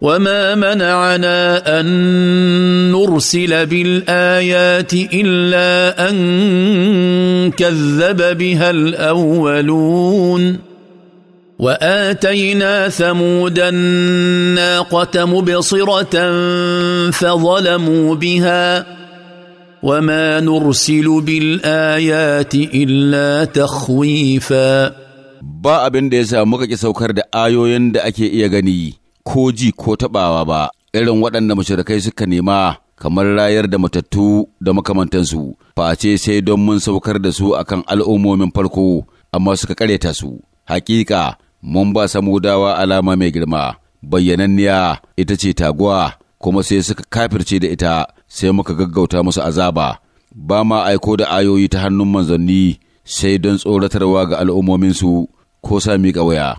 وما منعنا ان نرسل بالايات الا ان كذب بها الاولون واتينا ثمود الناقه مبصره فظلموا بها وما نرسل بالايات الا تخويفا با أبن da ya سوكر دا ki saukar da ayoyin ko ji ko taɓawa ba, irin waɗanda mashirikai suka nema kamar rayar da matattu da makamantansu, face sai don mun saukar da su a kan al'ummomin farko, amma suka ƙareta su. Hakika, mun ba dawa alama mai girma, bayyananniya ita ce taguwa, kuma sai suka kafirce da ita, sai muka gaggauta musu azaba. Ba ma aiko da ayoyi ta hannun manzanni, sai don tsoratarwa ga al'ummominsu ko sami miƙa